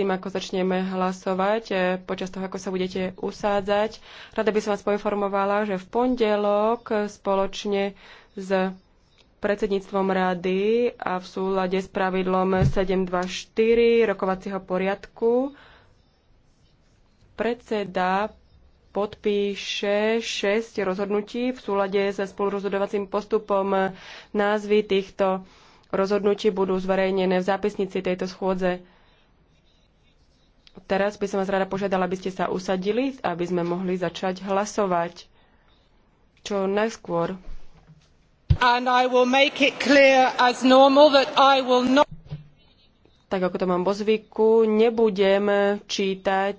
tým, ako začneme hlasovať, e, počas toho, ako sa budete usádzať. Rada by som vás poinformovala, že v pondelok spoločne s predsedníctvom rady a v súlade s pravidlom 724 rokovacieho poriadku predseda podpíše 6 rozhodnutí v súlade so spolurozhodovacím postupom. Názvy týchto rozhodnutí budú zverejnené v zápisnici tejto schôdze. Teraz by som vás rada požiadala, aby ste sa usadili, aby sme mohli začať hlasovať čo najskôr. Not... Tak ako to mám vo zvyku, nebudem čítať